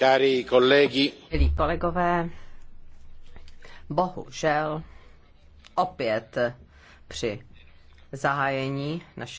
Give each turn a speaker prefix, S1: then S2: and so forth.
S1: Milí
S2: kolegové, bohužel
S3: opět při zahájení našeho jednání